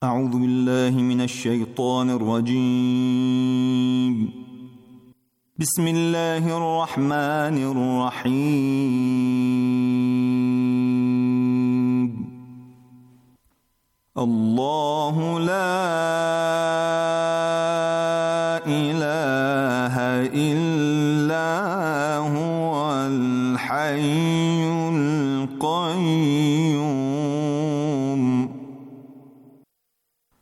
أعوذ بالله من الشيطان الرجيم بسم الله الرحمن الرحيم الله لا إله إلا هو الحي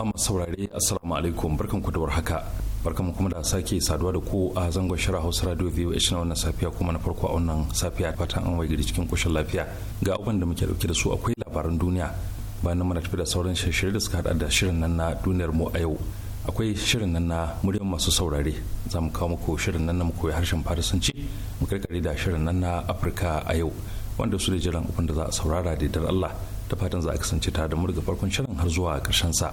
jama'a masu saurare assalamu alaikum barkan ku da haka barkan kuma da sake saduwa da ku a zangon shirin Hausa Radio VOH na wannan safiya kuma na farko a wannan safiya fatan an waye cikin koshin lafiya ga abin da muke dauke da su akwai labaran duniya bayan mana tafi da sauran shirye da suka hada da shirin nan na duniyar mu a yau akwai shirin nan na muryar masu saurare za mu kawo muku shirin nan na mu koyi harshen farisanci mu karkare da shirin nan na Afirka a yau wanda su da jiran abin da za a saurara da Allah ta fatan za a kasance tare da mu daga farkon shirin har zuwa karshen sa.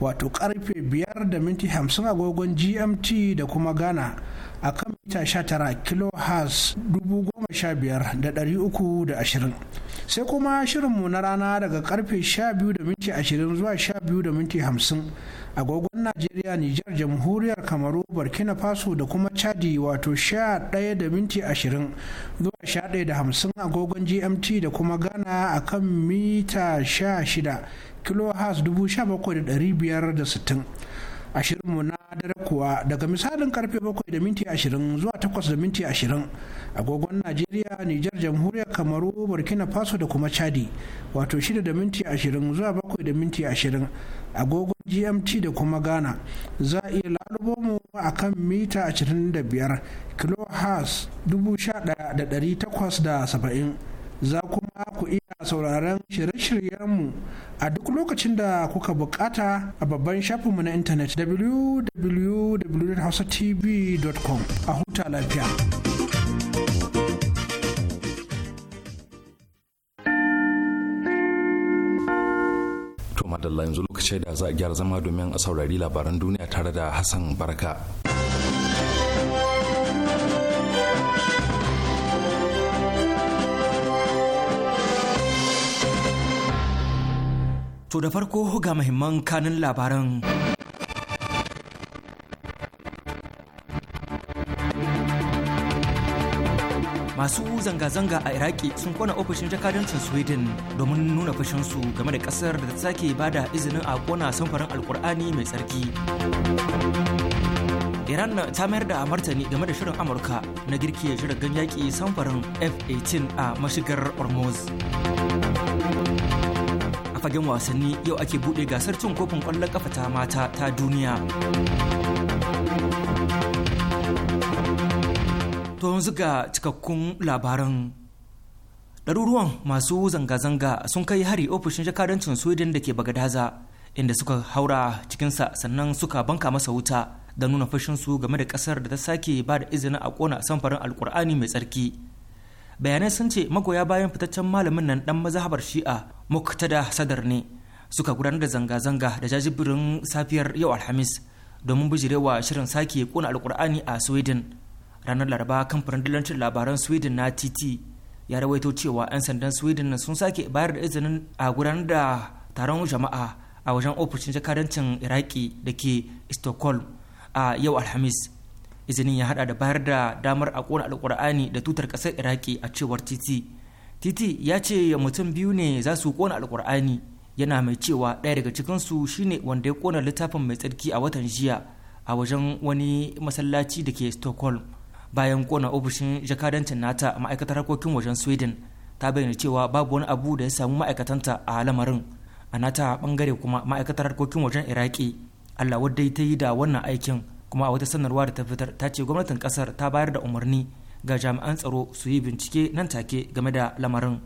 wato karfe 5 da minti 50 agogon gmt da kuma ghana a kan mita uku da 15320 sai kuma shirinmu na rana daga karfe 12 da minti 20 zuwa 12 da minti 50 agogon najeriya nijar jamhuriyar kamaru burkina faso da kuma chadi wato 11 da minti 20 zuwa 11 da 50 agogon gmt da kuma ghana a kan mita shida. kilohertz dubu sha bakwai da ɗari biyar da sittin ashirinmu na dare kuwa daga misalin karfe bakwai da minti ashirin zuwa takwas da minti ashirin agogon najeriya nijar jamhuriyar kamaru burkina faso da kuma chadi wato shida da minti ashirin zuwa bakwai da minti ashirin agogon gmt da kuma ghana za a iya lalubo mu a kan mita ashirin da biyar kilohertz dubu sha ɗaya da ɗari takwas da saba'in za kuma ku iya sauraron shirye-shiryenmu a duk lokacin da kuka bukata a babban shafinmu na intanet www.hausatv.com a huta lafiya. To madalla yanzu lokacin da za a gyara zama domin a saurari labaran duniya tare da Hassan baraka To da farko ga muhimman kanin labaran. Masu zanga-zanga a Iraki sun kwana ofishin jakadancin Sweden domin nuna fashinsu game da kasar da ta sake da izinin a kona samfarin alkur'ani mai tsarki. Iran ta mayar da martani game da shirin Amurka na girke shirgan yaƙi samfarin F-18 a mashigar Hormuz. fagen wasanni yau ake buɗe gasar cin kofin kwallon ƙafa ta mata ta duniya. To yanzu ga cikakkun labaran. Ɗaruruwan masu zanga-zanga sun kai hari ofishin jakadancin Sweden da ke Bagadaza inda suka haura cikinsa sannan suka banka masa wuta da nuna fashinsu game da ƙasar da ta sake ba da izinin a ƙona samfarin alkur'ani mai tsarki. bayanai sun ce magoya bayan fitaccen malamin nan dan mazhabar shi'a muktada sadar ne suka gudanar da zanga-zanga da jajibirin safiyar yau alhamis domin bijirewa shirin sake kona alkur'ani a sweden ranar laraba kamfanin dillancin labaran sweden na tt ya rawaito cewa 'yan sandan sweden sun sake bayar da izinin a gudanar da taron jama'a a wajen ofishin jakadancin iraki da ke stockholm a yau alhamis izinin ya hada da bayar da damar a kona alkur'ani da tutar kasar iraki a cewar titi titi ya ce mutum biyu ne za su kona alkur'ani yana mai cewa ɗaya daga cikinsu shine wanda ya kona littafin mai tsarki a watan jiya a wajen wani masallaci da ke stockholm bayan kona ofishin jakadancin nata a ma'aikatar harkokin wajen sweden ta bayyana cewa babu wani abu da ya samu ma'aikatanta a lamarin a nata bangare kuma ma'aikatar harkokin wajen iraki allah wadda ta yi da wannan aikin kuma a wata sanarwa da ta fitar ta ce gwamnatin kasar ta bayar da umarni ga jami'an tsaro su yi bincike nan take game da lamarin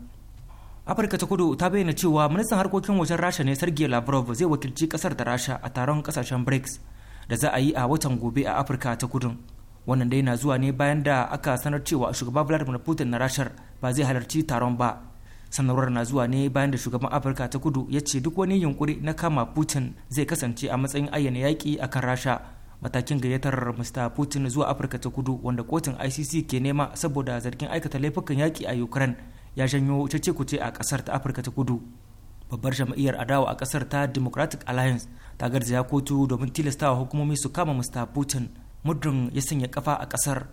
afirka ta kudu ta bayyana cewa ministan harkokin wajen rasha ne sergei lavrov zai wakilci kasar da rasha a taron kasashen brics da za a yi a watan gobe a afirka ta kudu wannan dai na zuwa ne bayan da aka sanar cewa shugaba vladimir putin na rashar ba zai halarci taron ba sanarwar na zuwa ne bayan da shugaban afirka ta kudu ya ce duk wani yunkuri na kama putin zai kasance a matsayin ayyana yaƙi akan rasha matakin gayyatar mr putin zuwa afirka ta kudu wanda kotun icc ke nema saboda zargin aikata laifukan yaƙi a ukraine ya janyo cece-kuce a kasar ta afirka ta kudu babbar jam'iyyar adawa a kasar ta democratic alliance ta garzaya kotu domin tilastawa hukumomi su kama mr putin muddin ya sanya kafa a kasar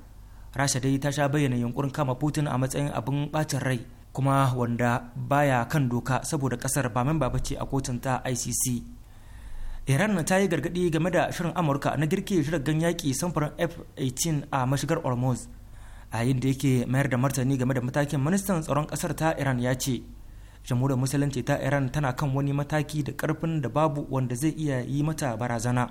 rasha dai ta sha bayyana yunkurin kama putin a matsayin abin bacin rai kuma wanda baya kan doka saboda kasar ba memba ce a kotun ta icc iran na ta yi gargaɗi game da shirin amurka na girke shirin yaƙi samfurin f-18 a mashigar hormuz a yayin da yake mayar da martani game da matakin ministan tsaron ƙasar ta iran ya ce jamhuriyar musulunci ta iran tana kan wani mataki da ƙarfin da babu wanda zai iya yi mata barazana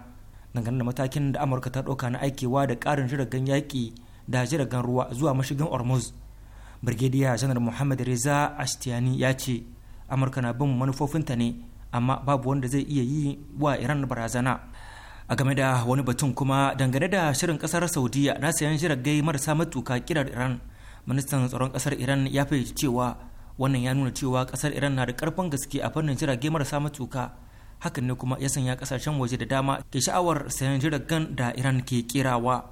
dangane da matakin da amurka ta ɗauka na aikewa da ƙarin jiragen yaƙi da jiragen ruwa zuwa mashigin hormuz birgediya janar muhammad reza ashtiyani ya ce amurka na bin manufofinta ne amma babu wanda zai iya yi wa iran barazana a game da wani batun kuma dangane da shirin kasar saudiya na sayan jiragai marasa matuka kirar iran ministan tsaron kasar iran ya fahimci cewa wannan ya nuna cewa kasar iran na da karfin gaske a fannin jirage marasa matuka hakan ne kuma ya sanya kasashen waje da dama ke sha'awar sayan jiragen da iran ke kirawa.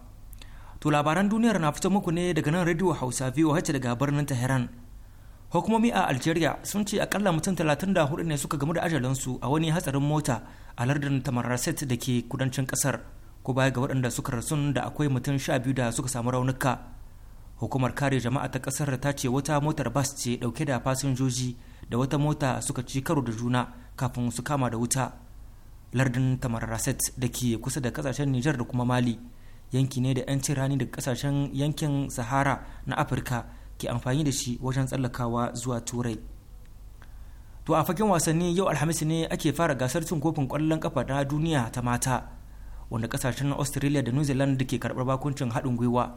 to labaran duniyar na fito muku ne daga nan radio hausa voh daga birnin tehran hukumomi a algeria sun ce akalla mutum 34 ne suka gamu da ajalansu a wani hatsarin mota a lardin tamaraset da ke kudancin kasar ko baya ga waɗanda suka rasun da akwai mutum 12 da suka samu raunuka hukumar kare jama'a ta kasar ta ce wata motar bas ce dauke da fasinjoji da wata mota suka ci karo da juna kafin su kama da wuta lardin tamaraset da ke kusa da kasashen nijar da kuma mali yanki ne da 'yancin rani daga kasashen yankin sahara na afirka ke amfani da shi wajen tsallakawa zuwa turai to a fagen wasanni yau alhamis ne ake fara gasar cin kofin kwallon kafa na duniya ta mata wanda kasashen australia da new zealand ke karɓar bakuncin haɗin gwiwa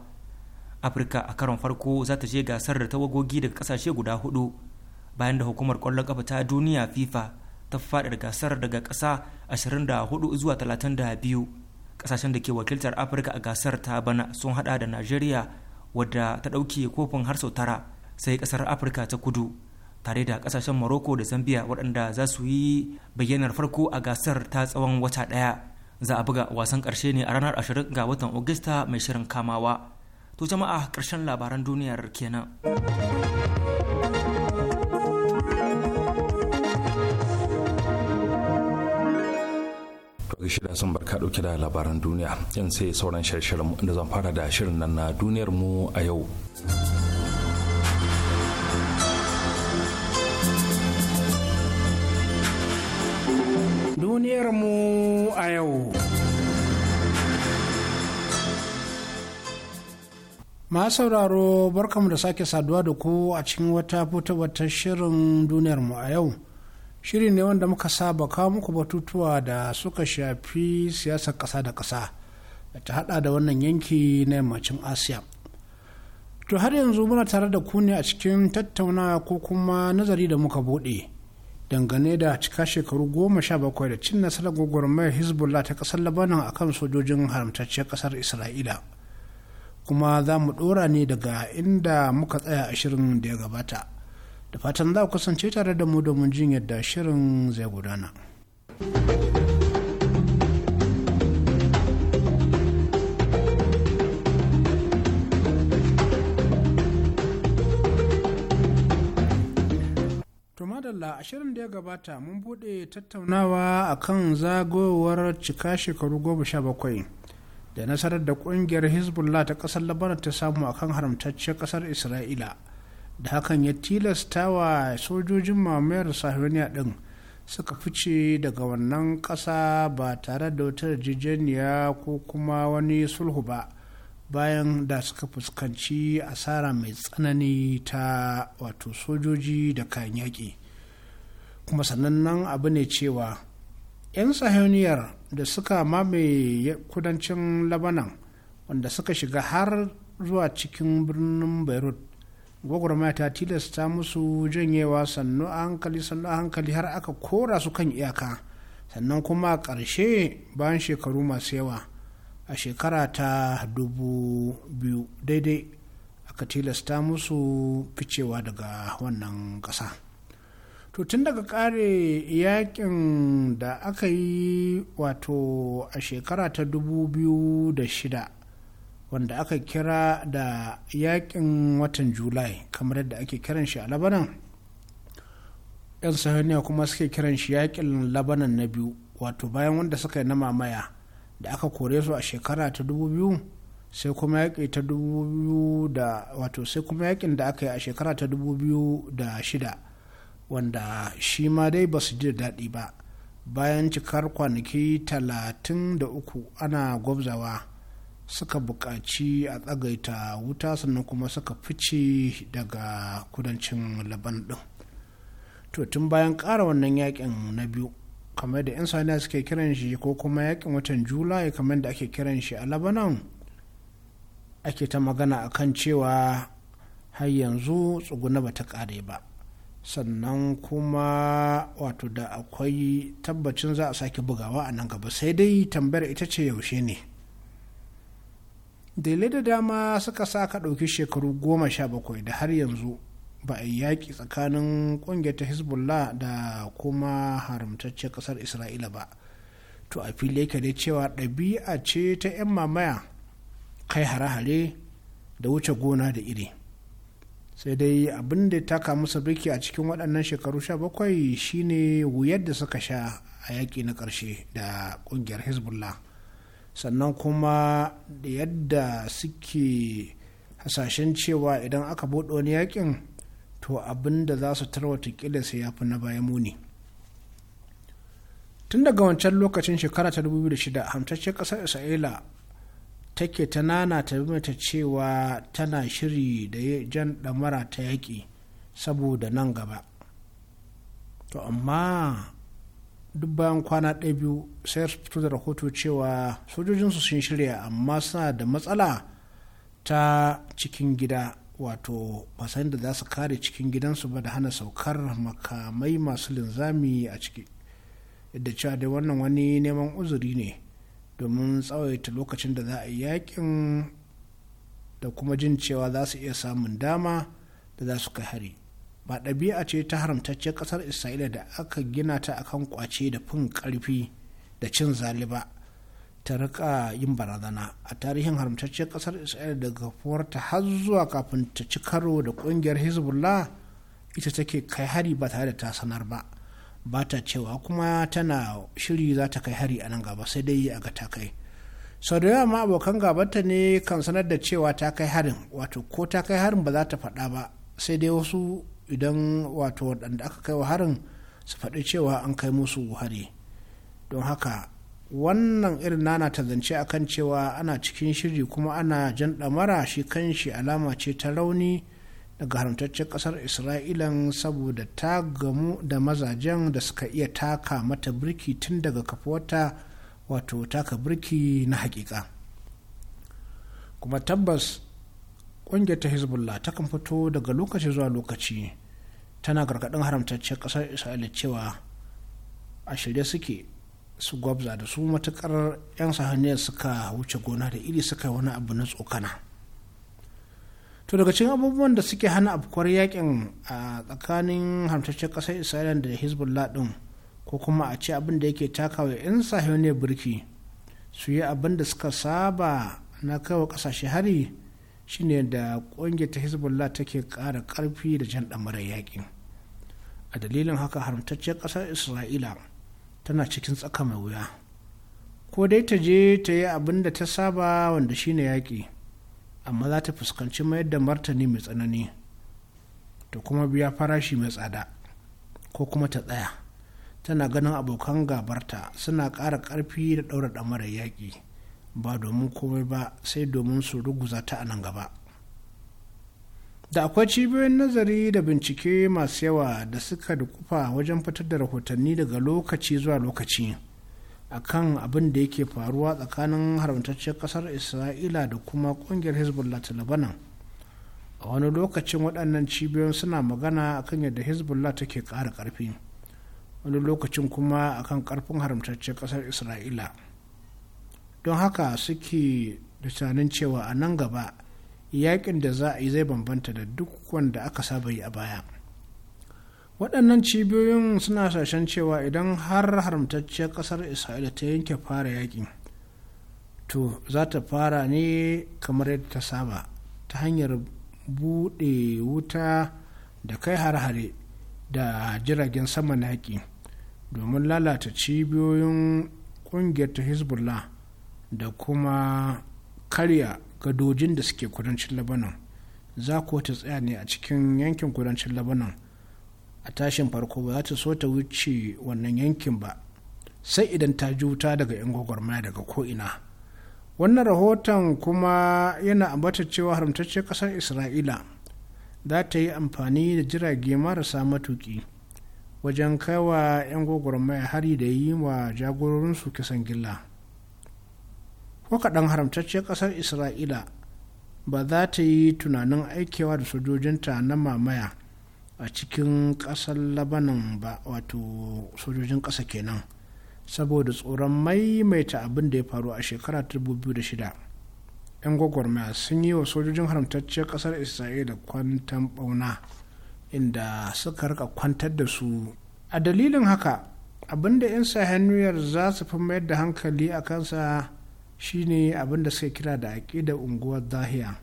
afirka a karon farko za ta je gasar da tawagogi daga kasashe guda hudu bayan da hukumar kwallon kafa ta duniya fifa ta faɗaɗa gasar daga ƙasa 24 zuwa 32 kasashen da ke wakiltar afirka a gasar ta bana sun hada da nigeria wadda ta ɗauke kofin har sau tara sai ƙasar afirka ta kudu tare da ƙasashen morocco da zambia waɗanda za su yi bayyanar farko a gasar ta tsawon wata ɗaya za a buga wasan ƙarshe ne a ranar 20 ga watan augusta mai shirin kamawa to jama'a ƙarshen labaran duniyar kenan shida sun barka dauke da labaran duniya yan sai sauran shirin inda zan fara da shirin nan na duniyar mu a yau duniyar mu a yau ma sauraro barkamu da sake saduwa da ku a cikin wata futa-wata shirin duniyar mu a yau shiri ne wanda muka saba kawo muku batutuwa da suka shafi siyasar ƙasa da ƙasa ta hada da wannan yanki na yammacin asiya to har yanzu muna tare da ku ne a cikin tattauna ko kuma nazari da muka bude dangane da cika shekaru goma sha bakwai da cin nasarar gwagwarmayar hezbollah ta ƙasar labanan kan sojojin haramtacciyar ƙasar isra'ila kuma za mu ɗora ne daga inda muka tsaya a shirin da ya gabata da fatan za ku kasance tare da mu domin jin yadda shirin zai gudana. a shirin da ya gabata mun bude tattaunawa a kan zagowar cika shekaru goma sha bakwai da nasarar da kungiyar hezbollah ta kasar labanan ta samu akan haramtacciyar kasar isra'ila da hakan ya tilasta wa sojojin mamayar sahiyoniya din suka fice daga wannan ƙasa ba tare da wata jijeniya ko kuma wani sulhu ba bayan da suka fuskanci asara mai tsanani ta wato sojoji da kayan yaƙi kuma sanannen abu ne cewa 'yan sahiyoniyar da suka mamaye kudancin labanan wanda suka shiga har zuwa cikin birnin beirut gwagwarmaya ta tilasta musu janyewa sannu a hankali sannu a hankali har aka kora su kan iyaka sannan kuma a ƙarshe bayan shekaru masu yawa a shekara ta dubu biyu daidai aka tilasta musu ficewa daga wannan ƙasa to tun daga ƙare yakin da aka yi wato a shekara ta dubu biyu da shida wanda aka kira da yakin watan julai kamar yadda ake kiran shi a labanan yan sahaniya kuma suke kiran shi yakin labanan na biyu wato bayan wanda suka yi na mamaya da aka kore su a shekara ta dubu biyu sai kuma yaƙi ta dubu da wato sai kuma yakin da aka yi a shekara ta dubu biyu da shida wanda shi ma dai ba su ji da daɗi ba bayan cikar kwanaki talatin da uku ana gwabzawa suka buƙaci a tsagaita wuta sannan kuma suka fice daga kudancin laban ɗin to tun bayan ƙara wannan yakin na biyu kamar da 'yan saniya suke kiran shi ko kuma yakin watan julai kamar da ake kiran shi a labanan ake ta magana a kan cewa har yanzu tsuguna ba ta ƙare ba sannan kuma wato da akwai tabbacin za a sake bugawa a nan gaba sai dai tambayar ita ce yaushe ne dalilai da dama suka sa ka ɗauki shekaru goma sha bakwai da har yanzu ba a yaƙi tsakanin ƙungiyar ta hezbollah da kuma haramtaccen ƙasar isra'ila ba to a fili yake dai cewa ɗabi'a ce ta 'yan mamaya kai hare-hare da wuce gona da iri sai dai abin da ta kamu biki a cikin waɗannan shekaru sha-bakwai shine wuyar da suka sha a yaƙi na ƙarshe da ƙungiyar hezbollah sannan kuma da yadda suke hasashen cewa idan aka buɗe wani yakin to abin da za su tarwata ƙila sai ya fi na baya muni tun daga wancan lokacin shekara ta 2006 hamtacce ƙasar isra'ila take ta nana ta mata cewa tana shiri da jan ɗamara ta yaƙi saboda nan gaba to amma duk bayan kwana ɗaya biyu sai su fito da rahoto cewa sojojinsu sun shirya amma suna da matsala ta cikin gida wato fasan da za su kare cikin gidansu ba da hana saukar makamai masu linzami a ciki yadda cewa dai wannan wani neman uzuri ne domin tsawaita lokacin da za a yi yakin da kuma jin cewa za su iya samun dama da za su kai hari ba ɗabi'a ce ta haramtacce ƙasar isra'ila da aka gina ta akan kwace da fin ƙarfi da cin zaliba ta rika yin barazana a tarihin haramtacce ƙasar isra'ila daga kafuwarta har zuwa kafin ta ci karo da ƙungiyar hezbollah ita take kai hari ba tare da ta sanar ba ba ta cewa kuma tana shiri za ta kai hari a nan gaba sai dai a ga ta kai sau da yawa ma abokan gabanta ne kan sanar da cewa ta kai harin wato ko ta kai harin ba za ta faɗa ba sai dai wasu idan wato waɗanda aka kai wa harin su faɗi cewa an kai musu hari don haka wannan irin nana ta zance a kan cewa ana cikin shiri kuma ana jan ɗamara shi kanshi alama ce ta rauni daga haramtaccen ƙasar isra'ilan saboda ta gamu da mazajen da suka iya taka mata birki tun daga kafuwata wato taka birki na hakika kuma tabbas ƙungiyar ta hezbollah ta kan fito daga lokaci zuwa lokaci tana gargadin haramtaccen kasar isra'ila cewa a shirye suke su gwabza da su matukar 'yan sahaniya suka wuce gona da iri suka yi wani abu na tsokana to daga cikin abubuwan da suke hana afkuwar yakin a tsakanin haramtaccen ƙasar isra'ila da hezbollah ɗin ko kuma a ce abin da yake takawa 'yan sahaniya birki su yi abin da suka saba na kaiwa ƙasashe hari shine da ƙungiyar ta hezbollah take ƙara ƙarfi da jan ɗamarar yaƙi a dalilin haka haramtacciyar ƙasar isra'ila tana cikin tsaka mai wuya ko dai ta je ta yi abin da ta saba wanda shine yaƙi amma za ta fuskanci mayar da martani mai tsanani ta kuma biya farashi mai tsada ko kuma ta tsaya tana ganin abokan gabarta suna ƙara ƙarfi da ɗaura ɗamarar yaƙi ba domin komai ba sai domin su ruguza ta a nan gaba da akwai cibiyoyin nazari da bincike masu yawa da suka dukufa wajen fitar da rahotanni daga lokaci zuwa lokaci akan abin da yake faruwa tsakanin haramtacciyar kasar isra'ila da kuma kungiyar hezbollah ta labanan a wani lokacin waɗannan cibiyoyin suna magana akan yadda hezbollah take ƙara ƙarfi wani lokacin kuma akan ƙarfin haramtacciyar kasar isra'ila don haka suke da tunanin cewa a nan gaba yakin da za a yi zai bambanta da duk wanda aka saba yi a baya waɗannan cibiyoyin suna sashen cewa idan har haramtacciyar ƙasar isra'ila ta yanke fara yakin to za ta fara ne kamar yadda ta saba ta hanyar buɗe wuta da kai har-hare da jiragen saman na yaƙi domin lalata cibiyoyin ƙungiyar ta hezbollah da kuma karya gadojin da suke kudancin labanan za ku ta tsaya ne a cikin yankin kudancin labanan a tashin farko ba za ta so ta wuce wannan yankin ba sai idan ta ji wuta daga 'yan gwagwarmaya daga ko'ina wannan rahoton kuma yana ambata cewa haramtacce kasar isra'ila za ta yi amfani da jirage marasa matuki wajen kaiwa 'yan gwagwarmaya hari da yi wa jagororinsu kisan gilla ko kaɗan haramtacciyar ƙasar isra'ila ba za ta yi tunanin aikewa da sojojinta na mamaya a cikin ƙasar labanan ba wato sojojin ƙasa kenan saboda tsoron maimaita abin da ya faru a shekara 2006 'yan gwagwarmaya sun yi wa sojojin haramtacciyar ƙasar isra'ila kwantan ɓauna inda suka rika kwantar da su a dalilin haka abin da sa sahaniyar za su fi mayar da hankali a kansa shine abin da suka kira da aƙidar unguwar zahiya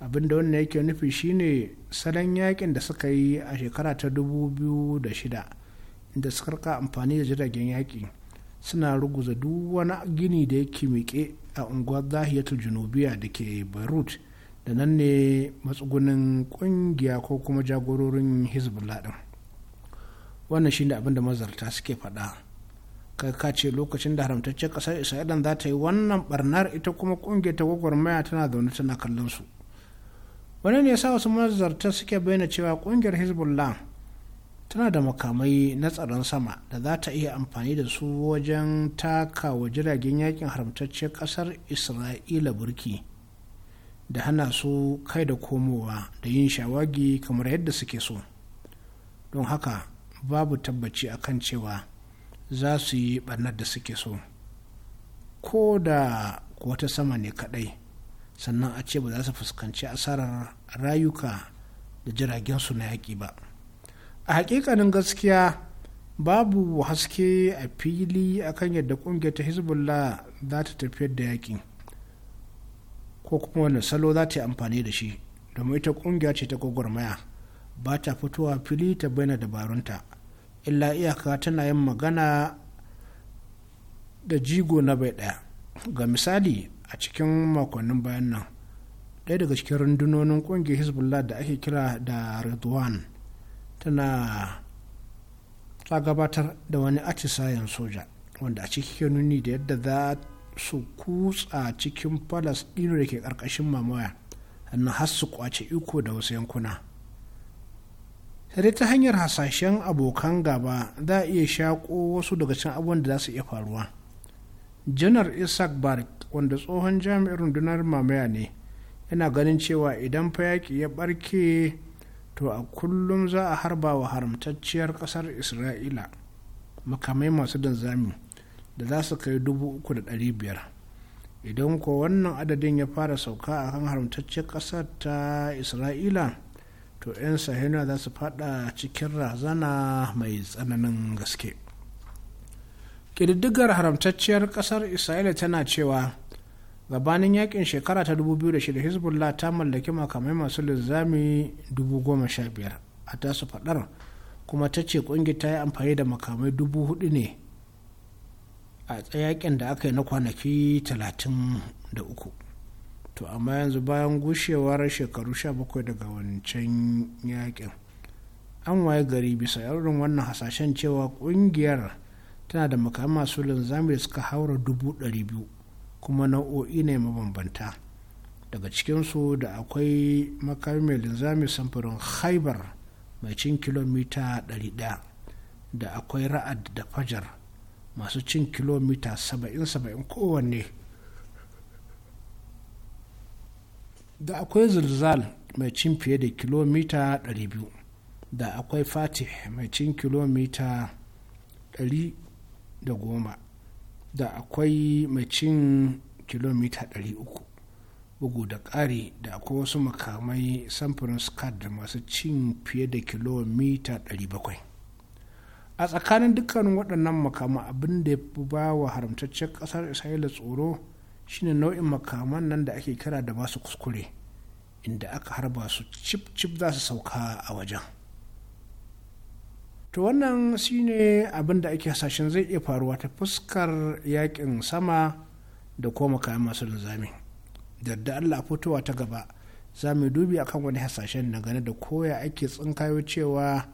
abin da wannan yake nufi shine salon yakin da suka yi a shekara ta 2006 inda suka rika amfani da jiragen yaƙi suna ruguza duk wani gini da yake miƙe a unguwar ta junubiya da ke beirut da nan ne matsugunin ƙungiya ko kuma jagororin hezbollah din wannan shine abin da mazarta suke faɗa kai ka ce lokacin da haramtaccen ƙasar israila za ta yi wannan barnar ita kuma ƙungiyar ta gwagwarmaya tana zaune tana kallon su wani ne sa wasu mazarta suke bayyana cewa ƙungiyar hezbollah tana da makamai na tsaron sama da za ta iya amfani da su wajen taka wa jiragen yakin haramtaccen ƙasar isra'ila burki da hana su kai da komowa da yin shawagi kamar yadda suke so don haka babu tabbaci akan cewa za su yi barnar da suke so ko da wata sama ne kadai sannan a ce ba za su fuskanci asarar rayuka da jiragensu na yaƙi ba a haƙiƙanin gaskiya babu haske a fili akan yadda ƙungiyar ta hezbollah za ta tafiyar da yaƙi ko kuma wani salo za ta yi amfani da shi domin ita ƙungiya ce ta gwagwarmaya ba ta fitowa fili ta bayyana dabarunta illa iyaka tana yin magana da jigo na bai ɗaya ga misali a cikin makonnin bayan nan ɗaya daga cikin rundunonin ƙungiyar hezbollah da ake kira da redwan tana ta gabatar da wani atisayen soja wanda a ciki nuni da yadda za su kutsa cikin falas da ke ƙarƙashin mamaya sannan har su kwace iko da wasu yankuna da ta hanyar hasashen abokan gaba za a iya shaƙo wasu daga cin abubuwan da za su iya faruwa janar isaac bark wanda tsohon jami'ar rundunar mamaya ne yana ganin cewa idan fa yaƙi ya barke to a kullum za a harba wa haramtacciyar ƙasar isra'ila makamai masu danzami da za su kai dubu uku da ɗari biyar idan ko wannan adadin ya fara sauka a kan haramtacciyar ƙasar ta isra'ila to 'yan sahina za su fada cikin razana mai tsananin gaske ƙididdigar haramtacciyar ƙasar isra'ila tana cewa gabanin yakin shekara ta 2006 hezbollah ta mallaki makamai masu linzami 15,000 a tasu fadar kuma ta ce kungi ta yi amfani da makamai 4,000 ne a tsayakin da aka yi na kwanaki 33 to amma yanzu bayan gushewar shekaru 17 daga wancan yakin an waye gari bisa yarurin wannan hasashen cewa kungiyar tana da makamai masu linzami da suka haura dubu ɗari biyu kuma nau'o'i ne mabambanta daga cikinsu da akwai makami mai linzami samfurin haibar mai cin kilomita 100 da akwai ra'ad da fajar masu cin kilomita 70-70 kowanne da akwai zulzal mai cin fiye da kilomita 200 da akwai fatih mai cin kilomita 110 da akwai mai cin kilomita 300 bugu da ƙari da akwai wasu makamai samfurin scott da masu cin fiye da kilomita 700 a tsakanin dukkan waɗannan makamai abinda ya fi ba wa haramtaccen ƙasar isra'ila tsoro shine nau'in makaman nan da ake kira da basu kuskure inda aka harba su cip cip za su sauka a wajen to wannan shine abin da ake hasashen zai iya faruwa ta fuskar yakin sama da kuma makayan masu linzami da allah fitowa ta gaba za mu dubi akan wani hasashen na gane da koya ake tsinkayo cewa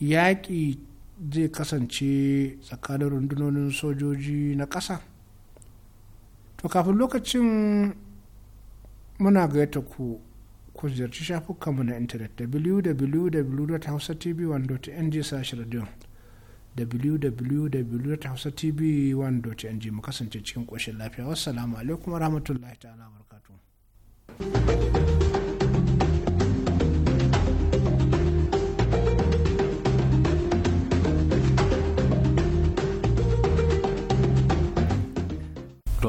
yaƙi zai kasance tsakanin rundunonin sojoji na ƙasa to kafin lokacin muna gayyata ku ku ziyarci shafukanmu na intanet www.hausatv1.ng sashi radio www.hausatv1.ng mu kasance cikin ƙoshin lafiya wassalamu alaikum wa rahmatullahi ta'ala wa barkatu.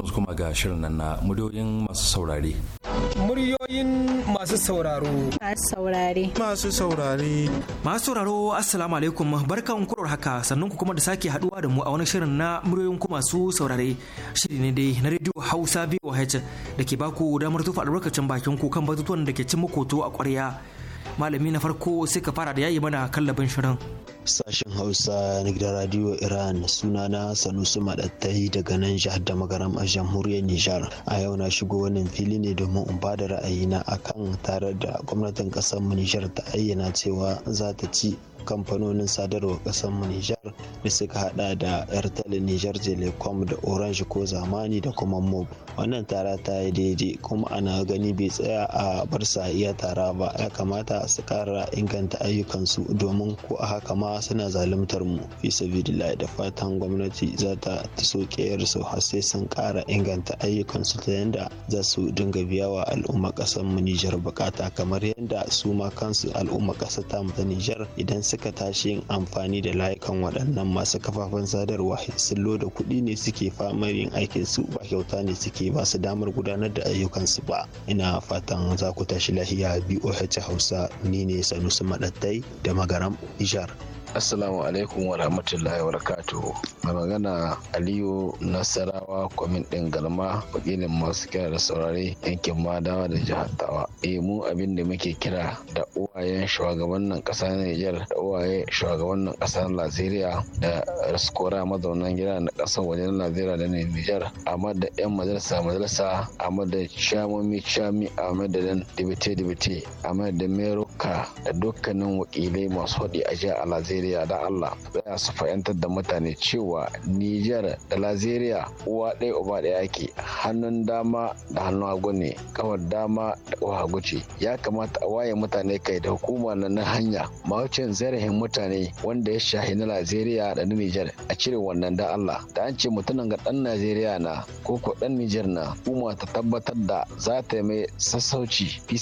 yanzu kuma ga shirin nan na muryoyin masu saurare. Muryoyin masu sauraro. Masu saurare. Masu saurare. Masu sauraro Assalamu alaikum barkan kurar haka sannan ku kuma da sake haduwa da mu a wani shirin na muryoyin ku masu saurare. Shiri ne dai na rediyo Hausa VOH da ke baku damar tufa albarkacin bakin ku kan batutuwan da ke cin makoto a ƙwarya. malami na farko sai ka fara da yayi mana kallabin shirin sashen hausa na gidan radio iran sunana sanusi madattai daga nan jihar da magaram a jamhuriyar nijar a yau na shigo wannan fili ne domin in bada ra'ayina akan tare da gwamnatin kasar mu nijar ta ayyana cewa za ta ci kamfanonin sadarwar ƙasar Nijar da suka hada da Airtel Nijar Telecom da Orange ko Zamani da kuma Mob. Wannan tara ta yi daidai kuma ana gani bai tsaya a barsa iya tara ba ya kamata su kara inganta ayyukansu domin ko a haka ma suna zaluntar mu. Fisabilillahi da fatan gwamnati za ta taso su har sai sun kara inganta ayyukansu ta yanda za su dinga biya wa al'umma kasar Nijar bukata kamar yadda su ma kansu al'umma ƙasar ta Nijar idan suka tashi yin amfani da layukan waɗannan masu kafafen sadarwa sun loda kuɗi ne suke famar yin aikin su ba kyauta ne suke ba su damar gudanar da ayyukansu ba ina fatan za ku tashi lahiya boh hausa ni ne sanusi maɗattai da magaram ishar Assalamu alaikum wa rahmatullahi wa barakatuhu. Mai magana Aliyu Nasarawa kwamin ɗin galma wakilin masu kira da saurare yankin Madawa da jihar Tawa. Eh mu abin da muke kira da uwayen shugabannin ƙasa Nijar da uwaye shugabannin ƙasar Najeriya da raskora mazaunan gida na ƙasar wajen Najeriya da Nijar a da 'yan majalisa majalisa amma da shamomi shami da dan dibite dibite amma da meruka da dukkanin wakilai masu haɗi a jihar Najeriya. Najeriya da Allah tsaya su fahimtar da mutane cewa Nijar da najeriya uwa ɗaya uba ɗaya yake hannun dama da hannun hagu ne kawar dama da uwa hagu ce ya kamata a waye mutane kai da hukuma na na hanya mawucin zarafin mutane wanda ya shahi na Najeriya da na Nijar a cire wannan da Allah da an ce mutumin ga ɗan Najeriya na ko ko ɗan Nijar na kuma ta tabbatar da za ta yi mai sassauci fi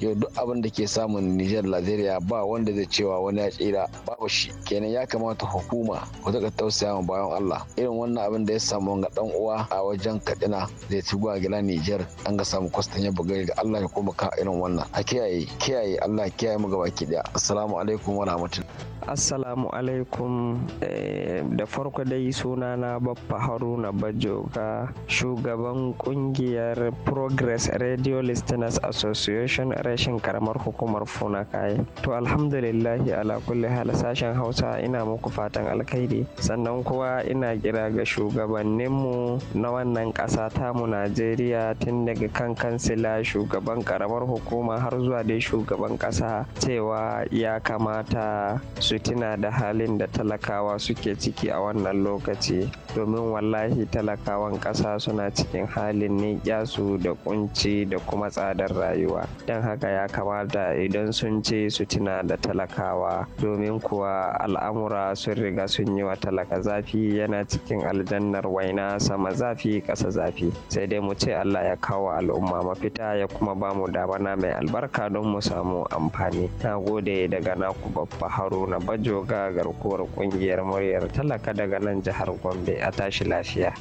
yau duk abin da ke samun Nijar Najeriya ba wanda zai cewa wani ya tsira babu shi kenan ya kamata hukuma ku daga tausaya ma bayan Allah irin wannan abin da ya samu ga dan uwa a wajen kadina da ya ci gwa gila Niger an ga samu kwastan ya buga ga Allah ya koma ka irin wannan a kiyaye kiyaye Allah kiyaye mu gaba ki daya assalamu alaikum wa rahmatullahi assalamu alaikum eh, da farko dai sunana babba haruna bajoga shugaban kungiyar progress radio listeners association rashin karamar hukumar ka'i to alhamdulillahi ala kulli hal da sashen hausa ina muku fatan alkhairi sannan kuwa ina kira ga shugabanninmu na wannan ƙasa tamu najeriya tun daga kan kansila shugaban ƙaramar hukuma har zuwa dai shugaban ƙasa cewa ya kamata su tuna da halin da talakawa suke ciki a wannan lokaci domin wallahi talakawan ƙasa suna cikin halin niƙyasu da kunci da kuma tsadar rayuwa don haka ya kamata idan sun ce su tuna da talakawa domin kuwa al'amura sun riga sun yi wa talaka zafi yana cikin aljannar waina sama zafi ƙasa zafi sai dai mu ce allah ya kawo al'umma mafita ya kuma ba mu damana mai albarka don mu samu amfani na gode daga naku babba haruna ga garkuwar kungiyar muryar talaka daga nan jihar gombe a tashi lafiya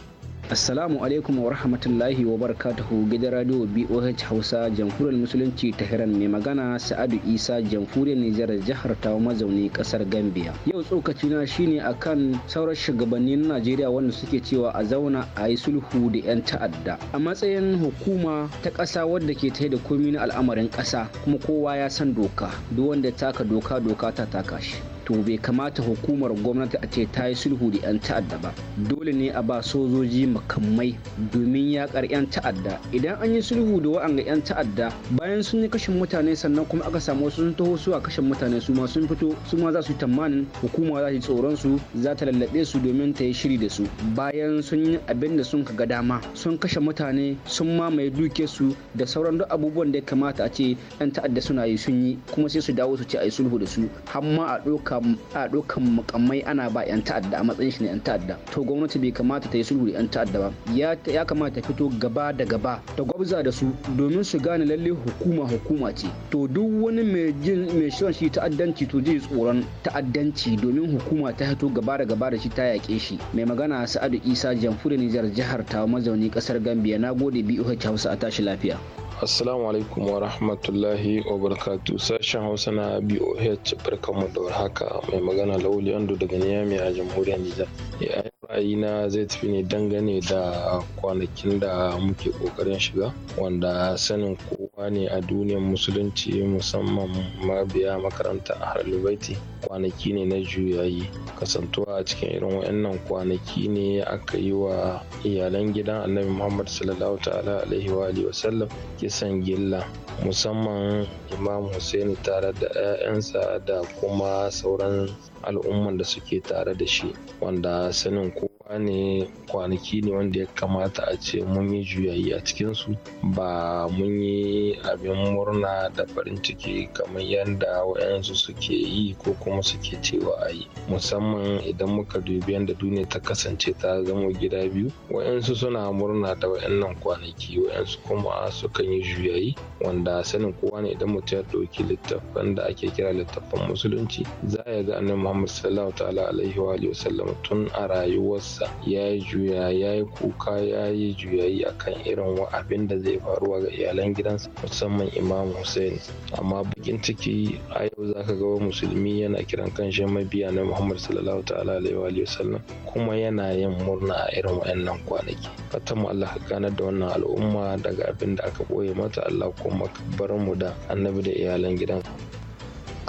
Assalamu alaikum wa rahmatullahi wa barakatuhu gidan radio BOH Hausa Jamhuriyar Musulunci ta hiran mai magana Sa'adu Isa Jamhuriyar Nijar jihar ta mazauni kasar Gambia. Yau tsokacina shine akan sauran shugabannin Najeriya wanda suke cewa a zauna a yi sulhu da 'yan ta'adda. A matsayin hukuma ta ƙasa wadda ke ta da komi na al'amarin ƙasa kuma kowa ya san doka duk wanda taka doka doka ta taka shi. to bai kamata hukumar gwamnati a ce ta yi sulhu da 'yan ta'adda ba dole ne a ba sojoji makamai domin ya kar 'yan ta'adda idan an yi sulhu da wa'anga 'yan ta'adda bayan sun yi kashin mutane sannan kuma aka samu wasu sun taho su a kashin mutane su ma sun fito su ma za su tamanin hukuma za su tsoron su za ta lallabe su domin ta yi shiri da su bayan sun yi abin da sun ga dama sun kashe mutane sun mamaye duke su da sauran duk abubuwan da ya kamata a ce 'yan ta'adda suna yi sun yi kuma sai su dawo su ce a yi sulhu da su har a ɗauka a ɗaukan mukammai ana ba 'yan ta'adda a matsayin shi ne 'yan ta'adda to gwamnati bai kamata ta yi sulhu da 'yan ta'adda ba ya kamata ta fito gaba da gaba ta gwabza da su domin su gane lalle hukuma hukuma ce to duk wani mai jin mai shan shi ta'addanci to zai tsoron ta'addanci domin hukuma ta fito gaba da gaba da shi ta yaƙe shi mai magana sa'adu isa jamfuri nijar jihar ta mazauni kasar gambia na gode biyu hausa a tashi lafiya. Assalamu alaikum wa rahmatullahi wa barakatu sashen Hausa na BOH barkanmu da haka mai magana Lauli Ando daga Niyami a jamhuriyar Nijar. Yayin eh, ra'ayina zai tafi ne dangane da kwanakin da muke kokarin shiga wanda sanin kowa ne a duniyar musulunci musamman mabiya makaranta a Harlubaiti kwanaki ne na juyayi kasantuwa a cikin irin wayannan kwanaki ne aka yi wa iyalan gidan Annabi Muhammad sallallahu ta'ala alaihi wa sallam kisan gilla musamman imam Hussein tare da 'ya'yansa da kuma sauran al'umman da suke tare da shi wanda sanin kowa ne kwanaki ne wanda ya kamata a ce mun yi juyayi a cikinsu ba mun yi abin murna da farin ciki kamar yadda wayansu suke yi ko kuma suke cewa a yi musamman idan muka dubi yadda duniya ta kasance ta zama gida biyu wayansu suna murna da wayannan kwanaki wayansu kuma sukan yi juyayi wanda sanin kowa ne idan mutum ya ɗauki littafin da ake kira littafin musulunci za ya ga annabi muhammad sallallahu ta'ala alaihi wa sallam tun a rayuwarsa ya yi juya ya yi kuka ya yi juyayi akan irin wa abin da zai faruwa ga iyalan gidansa musamman imam hussein amma bakin ciki a yau zaka ga musulmi yana kiran kanshi mabiya na muhammad sallallahu ta'ala alaihi wa sallam kuma yana yin murna a irin wayannan kwanaki fatan mu allah ka ganar da wannan al'umma daga abin da aka boye mata allah kuma bar mu da annabi da iyalan gidansa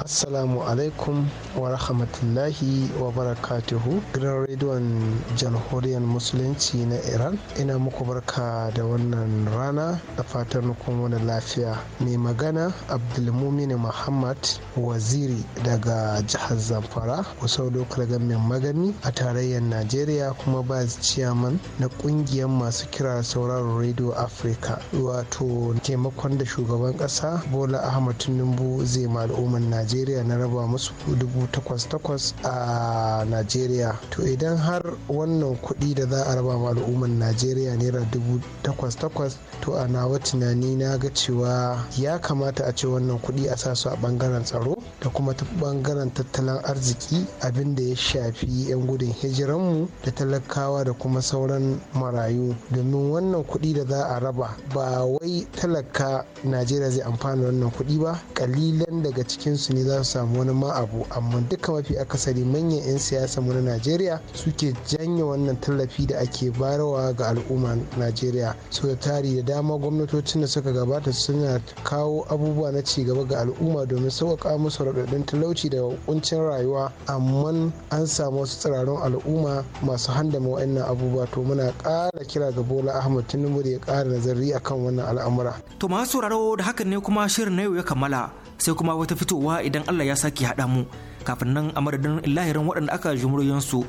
assalamu alaikum wa rahmatullahi wa barakatuhu gidan rediyon jamhuriyar musulunci na iran ina muku barka da wannan rana da fatan kun wani lafiya mai magana abdulmumin muhammad waziri daga jihar zamfara wasu daga mai magani a tarayyar najeriya kuma ba ciyaman na kungiyar masu kira sauraron radio afirka wato taimakon da shugaban kasa bola ahmad tinubu zai ma al'ummar najeriya najeriya na raba musu dubu takwas takwas a najeriya to idan har wannan kuɗi da za a raba ma al'ummar najeriya naira dubu takwas takwas to a nawa tunani na ga cewa ya kamata a ce wannan kuɗi a sa su a ɓangaren tsaro da kuma ta ɓangaren tattalin arziki abin da ya shafi 'yan gudun hijiranmu da talakawa da kuma sauran marayu domin wannan kuɗi da za a raba ba wai talaka najeriya zai amfana wannan kuɗi ba kalilan daga cikinsu su ne za su samu wani ma abu amma duka mafi akasari manyan 'yan siyasa mu na najeriya suke janye wannan tallafi da ake bayarwa ga al'umma najeriya sau da tari da dama gwamnatocin da suka gabata suna kawo abubuwa na ci gaba ga al'umma domin sauƙaƙa musu raɗaɗin talauci da kuncin rayuwa amma an samu wasu tsirarun al'umma masu handama wa'annan abubuwa to muna ƙara kira ga bola ahmad tinubu da ya ƙara nazari akan wannan al'amura to masu sauraro da hakan ne kuma shirin na yau ya kammala sai kuma wata fitowa idan Allah ya sake haɗa mu kafin nan a madadin lahirin waɗanda aka jumuriyansu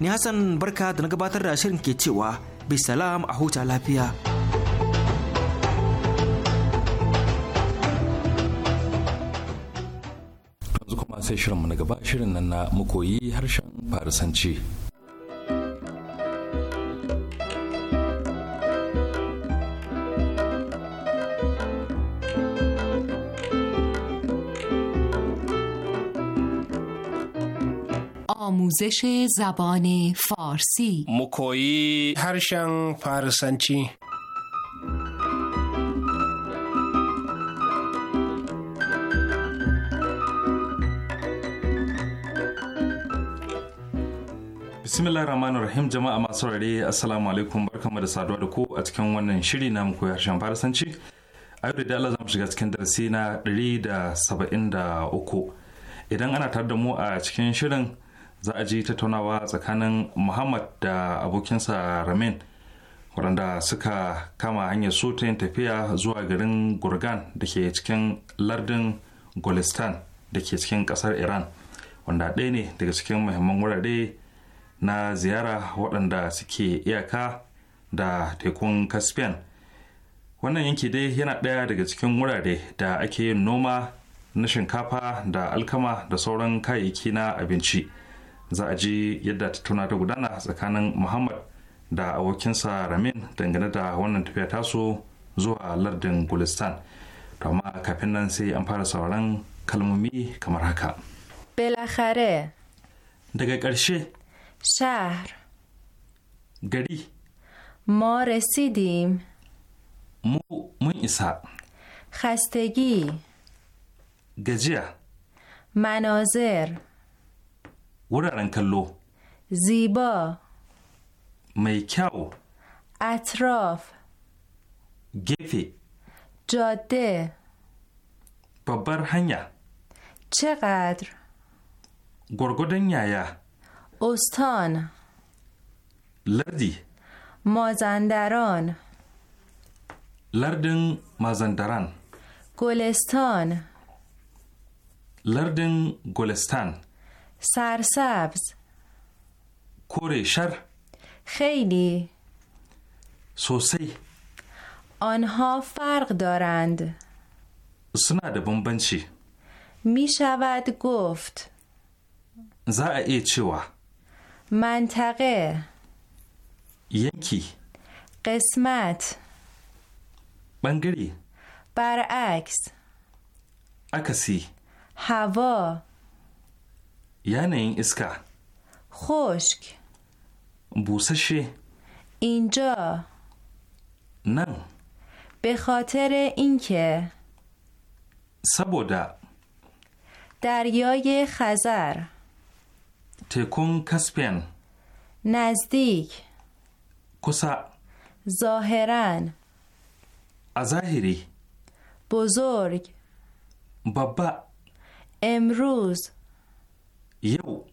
ni Hassan barka da na gabatar da shirin ke cewa salam a huta lafiya. yanzu kuma sai shirin mu na gaba shirin nan na mukoyi harshen farisanci آموزش زبان فارسی harshen هرشن فارسنچی bismillah rahman rahim jama'a masu rare assalamu alaikum barkamu da saduwa da ku a cikin wannan shiri na mu koyi harshen farasanci a yau da Allah za shiga cikin darasi na da uku idan ana tare da mu a cikin shirin za a ji tattaunawa tsakanin muhammad da abokinsa ramin waɗanda suka kama hanyar su yin tafiya zuwa garin gurgan da ke cikin lardin golistan da ke cikin ƙasar iran wanda ɗaya ne daga cikin muhimman wurare na ziyara waɗanda suke iyaka da tekun caspian wannan yanki dai yana ɗaya daga cikin wurare da ake yin noma na shinkafa da alkama da sauran kayayyaki na abinci. za a ji yadda tattauna ta gudana tsakanin muhammad da abokinsa ramin dangane da wannan tafiya taso zuwa lardin gulistan to amma kafin nan sai an fara sauran kalmomi kamar haka belakhare daga ƙarshe shahar gari more رسیدیم mu mun isa. خستگی gajiya. مناظر wuraren کلو زیبا میکاو اطراف گفی جاده ببر hanya چقدر گرگودن یایا استان لردی مازندران لردن مازندران گلستان لردن گلستان سرسبز کره شر خیلی سوسی آنها فرق دارند سناد بمبنچی می شود گفت ای چوا منطقه یکی قسمت بنگری برعکس اکسی هوا یعنی اسکا خشک بوسشه اینجا نه به خاطر اینکه سبودا دریای خزر تکون کسپین نزدیک کسا ظاهرا ازاهری بزرگ بابا امروز یو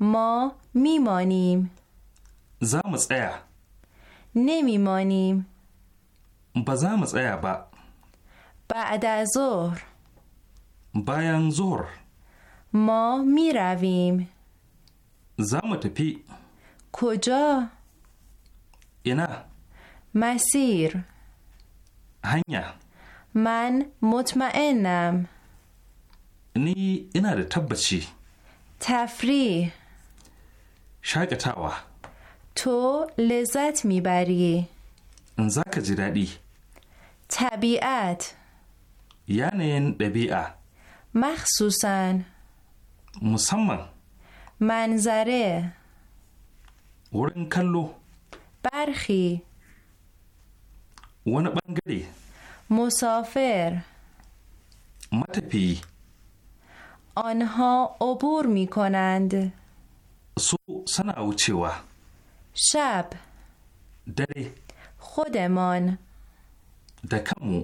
ما میمانیم زام تسیا نمیمانیم زام تسیا با بعد از ظهر بایان ظهر ما میرویم زام پی کجا اینا مسیر هنیا من مطمئنم نی اینا ده تبچی تفریح شاگتاوا تو لذت میبری انزاک جدادی طبیعت یعنی طبیعه مخصوصا مسمم منظره ورن کلو برخی ون بنگری مسافر متفی آنها عبور می کنند سو سنا و شب دری خودمان دکمو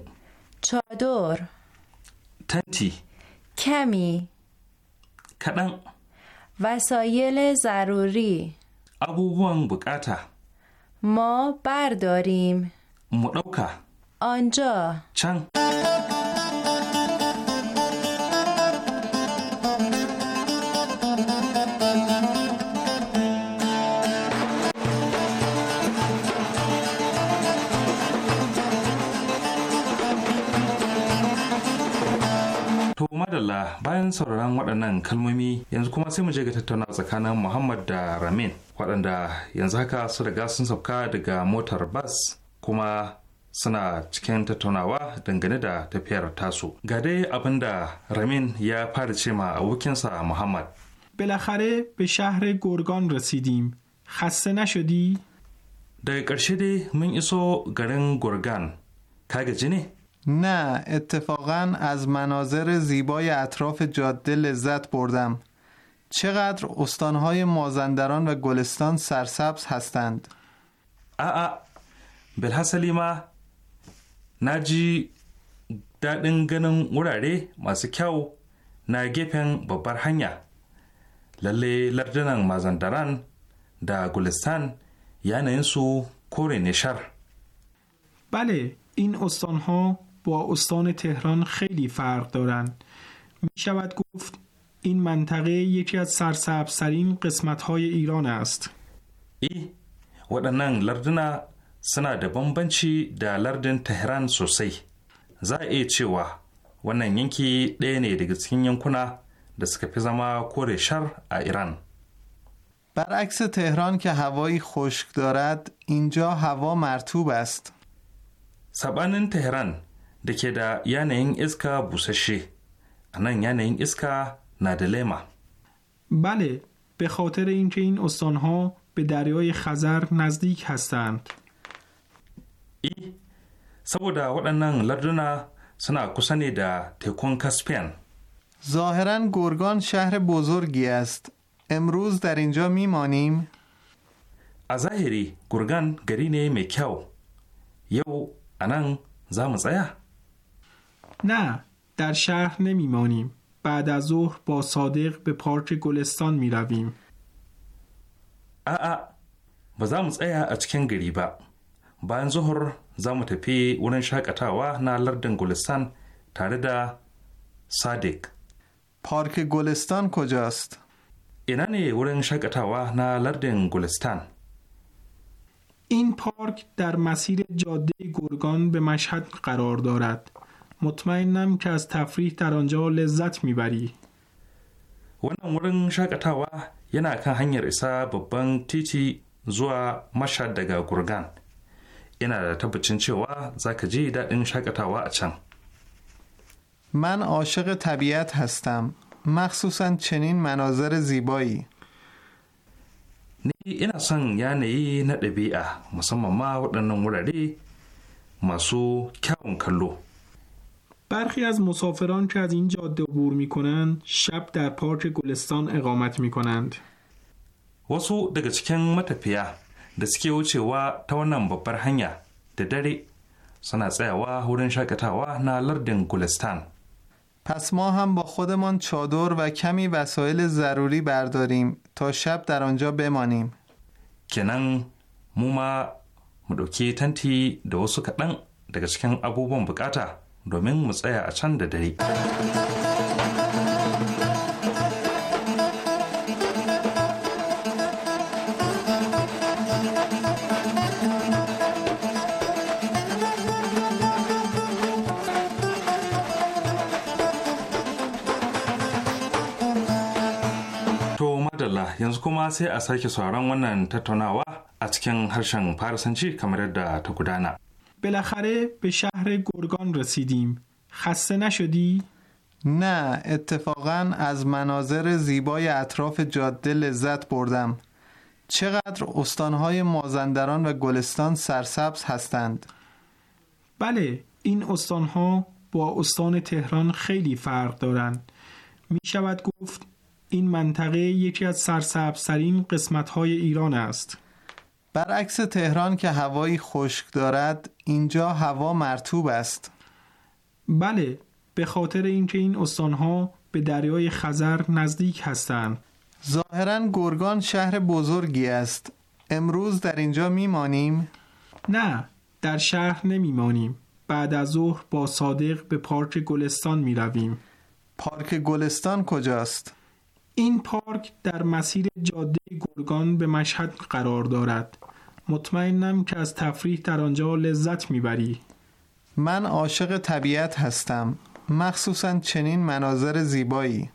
چادر تنتی کمی کدن وسایل ضروری ابو وان بکاته ما برداریم مدوکا آنجا چند Allah, bayan sauraron waɗannan kalmomi yanzu kuma sai mu je ga tattauna tsakanin muhammad da ramin waɗanda yanzu haka su riga sun sauka daga motar bas kuma suna cikin tattaunawa dangane da tafiyar tasu ga dai abin da ramin ya fara ce ma abokinsa muhammad be shahar gorgon گرگان hasse na نشدی؟ daga ƙarshe dai mun iso garin Gorgon, ka gaji ne نه اتفاقا از مناظر زیبای اطراف جاده لذت بردم چقدر استانهای مازندران و گلستان سرسبز هستند ا بلحسلی ما نجی دادن گنن وراره ماسی کیاو نا گفن ببار للی مازندران دا گلستان یعنی انسو کوری نشر بله این استانها با استان تهران خیلی فرق دارند. می شود گفت این منطقه یکی از سرسبزترین قسمت های ایران است. ای ودنان لردنا سنا ده بمبنچی دا لردن تهران سوسی. زا ای چی وا ینکی دینه دیگه سکین ینکونا ده سکپی زما کور شر ایران. برعکس تهران که هوایی خشک دارد اینجا هوا مرتوب است. سبانن تهران دیگه دا یعنی از که بوسشی انا یعنی این از که ندلیمه بله به خاطر اینکه این استانها به دریای خزر نزدیک هستند ای سبودا ودننگ لردونه سناکسنی دا تکون کسپین ظاهرا گرگان شهر بزرگی است امروز در اینجا میمانیم ظاهری گرگان گرینه میکهو یا انا زمزهه نه در شهر نمیمانیم بعد از ظهر با صادق به پارک گلستان می رویم ا بازم تسایا اچکن گری با بعد ظهر زام تپی ورن شاکتاوا نا لردن گلستان تاره دا صادق پارک گلستان کجاست؟ اینا نی ورن شاکتاوا نا لردن گلستان این پارک در مسیر جاده گرگان به مشهد قرار دارد مطمئنم که از تفریح در آنجا لذت میبری wannan wurin shakatawa yana kan hanyar isa babban titi zuwa mashad daga gurgan ina da tabbacin cewa za ka ji daɗin shakatawa a can من عاشق طبیعت هستم مخصوصا چنین مناظر زیبایی ni ina son yanayi na ɗabi'a musamman ma waɗannan wurare masu kyawun kallo برخی از مسافران که از این جاده عبور می کنند شب در پارک گلستان اقامت می کنند. دگه چکن cikin matafiya da suke wucewa ta wannan babbar hanya da dare سیا وا wurin shakatawa گلستان پس ما هم با خودمان چادر و کمی وسایل ضروری برداریم تا شب در آنجا بمانیم. کنن موما مدوکی تنتی دو سو کدن چکن ابو بوم bukata domin mu tsaya a can da dare. yanzu kuma sai a sake sauran wannan tattaunawa a cikin harshen farisanci kamar yadda ta gudana. بالاخره به شهر گرگان رسیدیم خسته نشدی؟ نه اتفاقا از مناظر زیبای اطراف جاده لذت بردم چقدر استانهای مازندران و گلستان سرسبز هستند بله این استانها با استان تهران خیلی فرق دارند می شود گفت این منطقه یکی از سرسبزترین های ایران است برعکس تهران که هوایی خشک دارد اینجا هوا مرتوب است بله به خاطر اینکه این استانها به دریای خزر نزدیک هستند ظاهرا گرگان شهر بزرگی است امروز در اینجا میمانیم نه در شهر نمیمانیم بعد از ظهر با صادق به پارک گلستان می رویم. پارک گلستان کجاست؟ این پارک در مسیر جاده گرگان به مشهد قرار دارد مطمئنم که از تفریح در آنجا لذت میبری من عاشق طبیعت هستم مخصوصا چنین مناظر زیبایی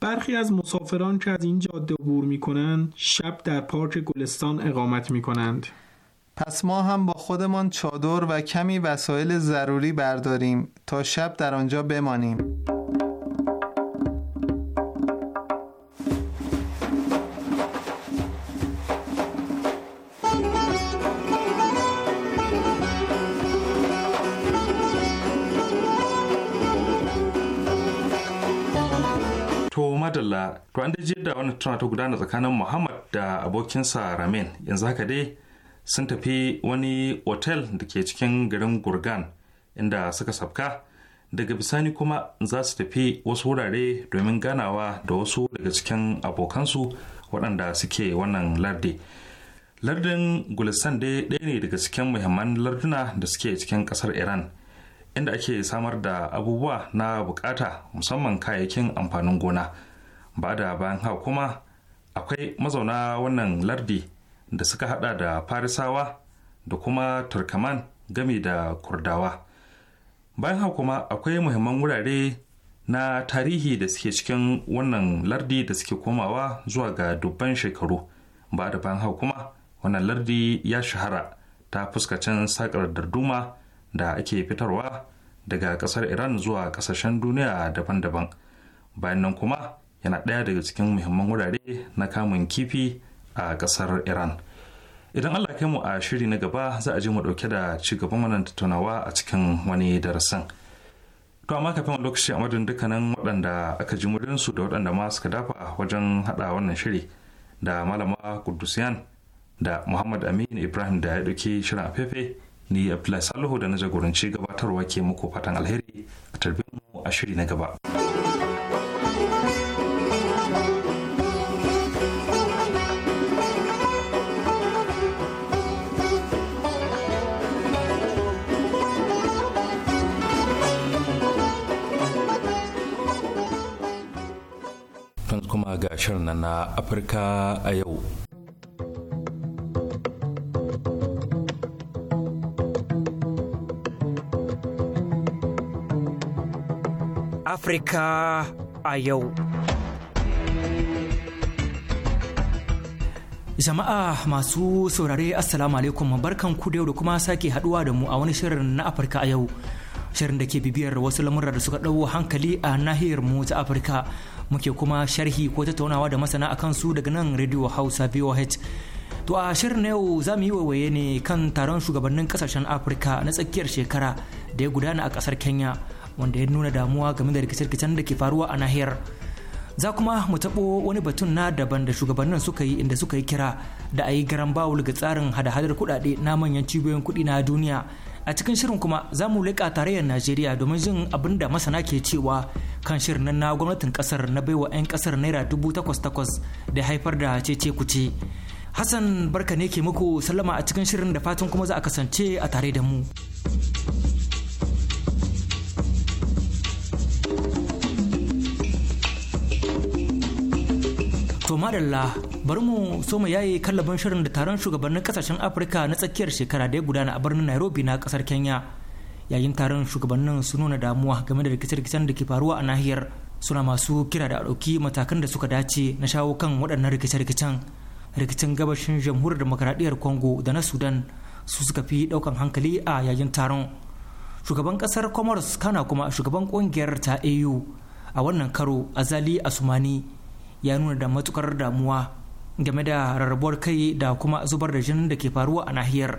برخی از مسافران که از این جاده عبور می کنند شب در پارک گلستان اقامت می کنند پس ما هم با خودمان چادر و کمی وسایل ضروری برداریم تا شب در آنجا بمانیم madalla to an daji da wani tana ta gudana tsakanin muhammad da abokinsa ramin yanzu haka dai sun tafi wani otel da ke cikin garin gurgan inda suka sabka daga bisani kuma za su tafi wasu wurare domin ganawa da wasu daga cikin abokansu waɗanda suke wannan lardi lardin gulistan dai ɗaya ne daga cikin muhimman larduna da suke cikin ƙasar iran inda ake samar da abubuwa na bukata musamman kayayyakin amfanin gona ba da bayan hau kuma akwai mazauna wannan lardi da suka hada da farisawa da kuma turkaman gami da kurdawa bayan hau kuma akwai muhimman wurare na tarihi da suke cikin wannan lardi da suke komawa zuwa ga dubban shekaru ba da bayan hau kuma wannan lardi ya shahara ta fuskacin sakar darduma da ake fitarwa daga kasar iran zuwa kasashen duniya daban-daban bayan nan kuma yana ɗaya daga cikin muhimman wurare na kamun kifi a ƙasar iran idan allah kai mu a shiri na gaba za a je mu ɗauke da ci gaban wannan tattaunawa a cikin wani darasin to amma kafin lokaci a madadin dukkanin waɗanda aka ji su da waɗanda ma suka dafa wajen haɗa wannan shiri da malama kudusiyan da muhammad amin ibrahim da ya ɗauke shirin a fefe ni abdullahi salihu da na jagoranci gabatarwa ke muku fatan alheri a tarbiyyar mu a shiri na gaba. ga shirin na Afirka a yau. Afirka a yau. Jama'a masu saurare Assalamu alaikum barkan ku da da kuma sake haduwa da mu a wani shirin na Afirka a yau. Shirin da ke bibiyar wasu lamurra da suka ɗau hankali a nahiyar mu ta Afirka muke kuma sharhi ko tattaunawa da masana a kansu daga nan radio hausa voh to a shirin yau za mu yi waiwaye ne kan taron shugabannin kasashen afirka na tsakiyar shekara da ya gudana a kasar kenya wanda ya nuna damuwa game da rikice-rikicen da ke faruwa a nahiyar za kuma mu taɓo wani batun na daban da shugabannin suka yi inda suka yi kira da a yi garan bawul ga tsarin hada-hadar kuɗaɗe na manyan cibiyoyin kuɗi na duniya a cikin shirin kuma za mu leƙa tarayyar najeriya domin jin abin da masana ke cewa kan shirin na gwamnatin kasar na baiwa 'yan kasar naira dubu takwas takwas da haifar da cece kuce hassan barka ne ke muku sallama a cikin shirin da fatan kuma za a kasance a tare da mu. To madalla bari mu so mu yaye kallaban shirin da taron shugabannin kasashen Afirka na tsakiyar shekara da ya gudana a birnin Nairobi na kasar Kenya. Yayin taron shugabannin su nuna damuwa game da rikice-rikicen da ke faruwa a nahiyar suna masu kira da ɗauki matakan da suka dace na shawo kan waɗannan rikice-rikicen. Rikicin gabashin jamhuriyar demokaradiyyar Congo da na Sudan su suka fi ɗaukan hankali a yayin taron. Shugaban ƙasar Comoros kana kuma shugaban ƙungiyar ta AU a wannan karo Azali Asumani ya nuna da matukar damuwa game da rarrabuwar kai da kuma zubar da jinin da ke faruwa a nahiyar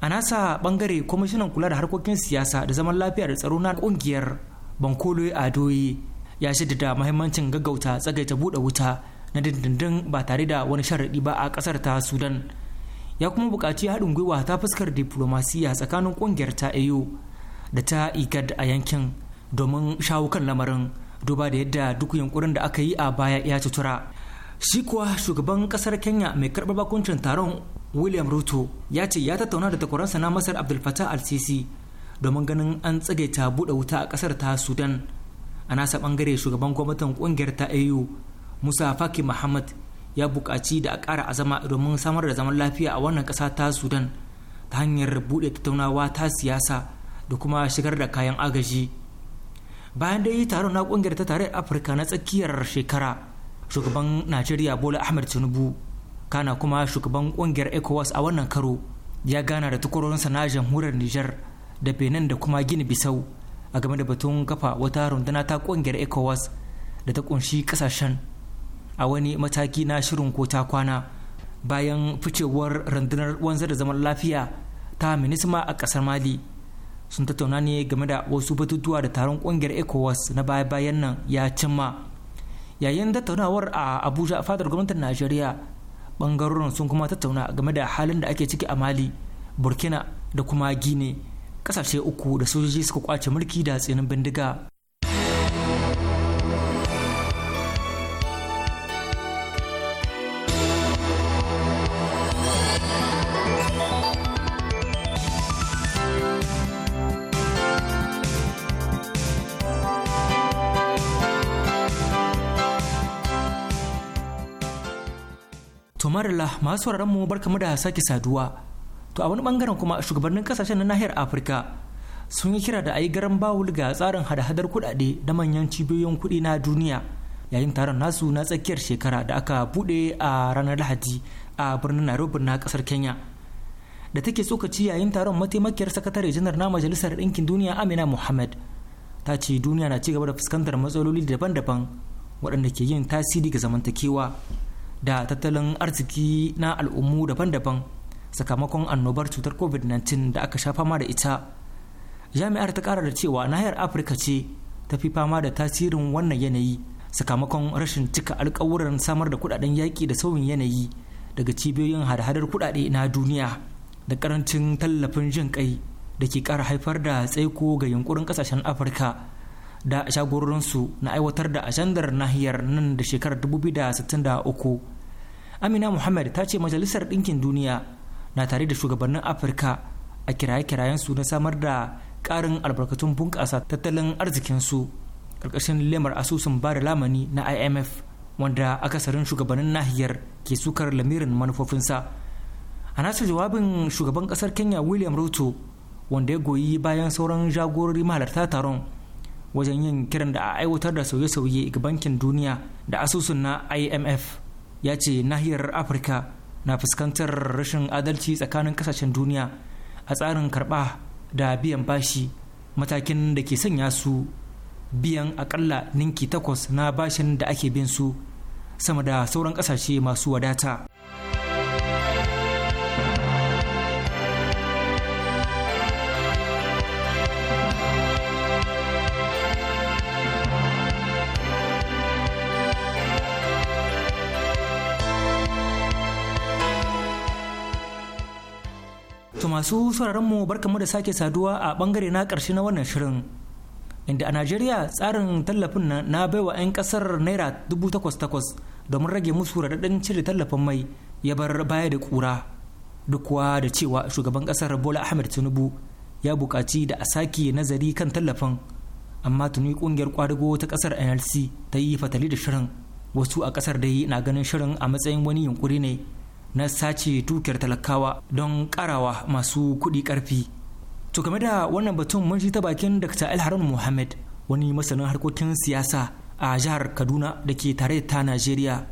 a nasa bangare kwamishinan kula da harkokin siyasa da zaman lafiya da tsaro na kungiyar bankolo adoyi ya shaidada mahimmancin gaggauta tsagaita buɗe wuta na dindindin ba tare da wani sharaɗi ba a ƙasar ta sudan ya kuma buƙaci haɗin gwiwa ta fuskar diflomasiya tsakanin ƙungiyar ta au da ta igad a yankin domin shawo kan lamarin duba da yadda duk yunkurin da aka yi a baya ya tutura shi kuwa shugaban kasar kenya mai karbar bakuncin taron william ruto ya ce ya tattauna da takwaransa na masar abdul fatah al-sisi domin ganin an tsage ta buɗe wuta a kasar ta sudan a nasa bangare shugaban gwamnatin kungiyar ta au musa faki muhammad ya buƙaci da a ƙara azama domin samar da zaman lafiya a wannan ƙasa ta sudan ta hanyar buɗe tattaunawa ta siyasa da kuma shigar da kayan agaji bayan da yi taron na kungiyar ta tare afirka na tsakiyar shekara shugaban najeriya bola ahmed tinubu kana kuma shugaban kungiyar ecowas a wannan karo ya gana da tukurorinsa na jamhuriyar niger da benin da kuma gini bisau a game da batun kafa wata runduna ta kungiyar ecowas da ta kunshi kasashen a wani mataki na shirin ko ta kwana bayan ficewar rundunar wanzar da zaman lafiya ta minisma a kasar mali sun tattauna ne game da wasu batutuwa da taron kungiyar ecowas na baya-bayan nan ya cimma yayin tattaunawar a abuja fadar gwamnatin najeriya bangarorin sun kuma tattauna game da halin da ake ciki a mali burkina da kuma gine kasashe uku da sojoji suka kwace mulki da tsinin bindiga tumarila masu mu kamar da sake saduwa to a wani bangaren kuma shugabannin kasashen na nahiyar afirka sun yi kira da a yi garan bawul ga tsarin hada-hadar kudade da manyan cibiyoyin kudi na duniya yayin taron nasu na tsakiyar shekara da aka bude a ranar lahadi a birnin nairobi na kasar kenya da take tsokaci yayin taron mataimakiyar sakatare janar na majalisar ɗinkin duniya amina muhammad ta ce duniya na ci gaba da fuskantar matsaloli daban-daban waɗanda ke yin tasiri ga zamantakewa da tattalin arziki na al'ummu daban-daban sakamakon annobar cutar covid-19 da aka sha fama da ita jami'ar ta kara da cewa nahiyar afirka ce ta fi fama da tasirin wannan yanayi sakamakon rashin cika alkawuran samar da kudaden yaƙi da sauyin yanayi daga cibiyoyin hada-hadar kudade na duniya da karancin tallafin jin kai da ke kara haifar da tsaiko ga yunkurin kasashen afirka da shagororinsu na aiwatar da ajandar nahiyar nan da shekarar 2063 amina muhammad ta ce majalisar ɗinkin duniya na tare da shugabannin afirka a kiraye-kirayen su na samar da ƙarin albarkatun bunƙasa tattalin arzikinsu ƙarƙashin lemar asusun ba da lamani na imf wanda akasarin shugabannin nahiyar ke sukar lamirin manufofinsa a nasa jawabin shugaban ƙasar kenya william ruto wanda ya goyi bayan sauran jagorori mahalarta taron wajen yin kiran da a aiwatar da sauye-sauye ga bankin duniya da asusun na imf ya ce nahiyar afirka na fuskantar rashin adalci tsakanin kasashen duniya a tsarin karba da biyan bashi matakin da ke sanya su biyan akalla ninki takwas na bashin da ake bin su sama da sauran kasashe masu wadata To masu sauraron mu barka mu da sake saduwa a bangare na karshe na wannan shirin. Inda a Najeriya tsarin tallafin na, na baiwa 'yan kasar Naira 8,800 domin rage musu radadin cire tallafin mai ya bar baya da ƙura. dukkuwa da cewa shugaban kasar Bola Ahmed Tinubu ya bukaci da a sake nazari kan tallafin amma tuni ƙungiyar kwadago ta kasar NLC ta yi fatali da shirin wasu a kasar dai na ganin shirin a matsayin wani yunkuri ne na sace dukiyar talakawa don karawa masu kuɗi ƙarfi to game da wannan batun mun ta bakin dr alharun muhammad wani masanin harkokin siyasa a jihar kaduna da ke tare ta najeriya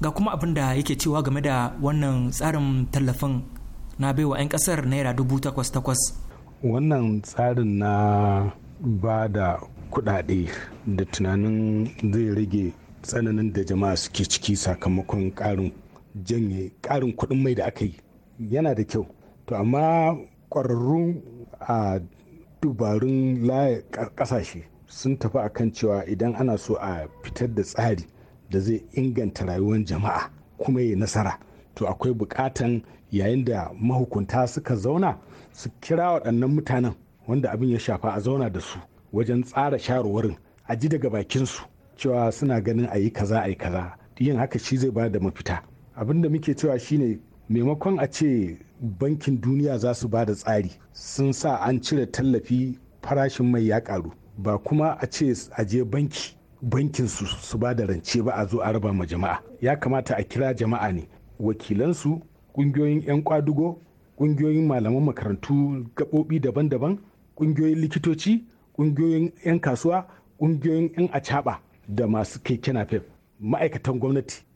ga kuma abin da yake cewa game da wannan tsarin tallafin na baiwa 'yan kasar naira dubu takwas takwas wannan tsarin na ba da kudade da tunanin zai rage tsananin da jama'a suke ciki sakamakon ƙarin. janye ƙarin kuɗin mai da aka yi yana da kyau to amma ƙwararru a dubarun ƙasashe sun tafi akan cewa idan ana so a fitar da tsari da zai inganta rayuwar jama'a kuma ya nasara to akwai buƙatan yayin da mahukunta suka zauna su kira waɗannan mutanen wanda abin ya shafa a zauna da su wajen tsara sharuwarin a ji daga bakinsu cewa suna ganin a yi kaza a yi kaza yin haka shi zai ba da mafita abin da muke cewa shine maimakon a ce bankin duniya za su ba da tsari sun sa an cire tallafi farashin mai ya karu ba kuma a ce a je banki bankin su su ba da rance ba a zo a raba ma jama'a ya kamata a kira jama'a ne wakilansu kungiyoyin 'yan kwadugo kungiyoyin malaman makarantu gaɓoɓi daban-daban kungiyoyin likitoci kungiyoyin 'yan kasuwa kungiyoyin 'yan acaba da masu keke napep ma'aikatan gwamnati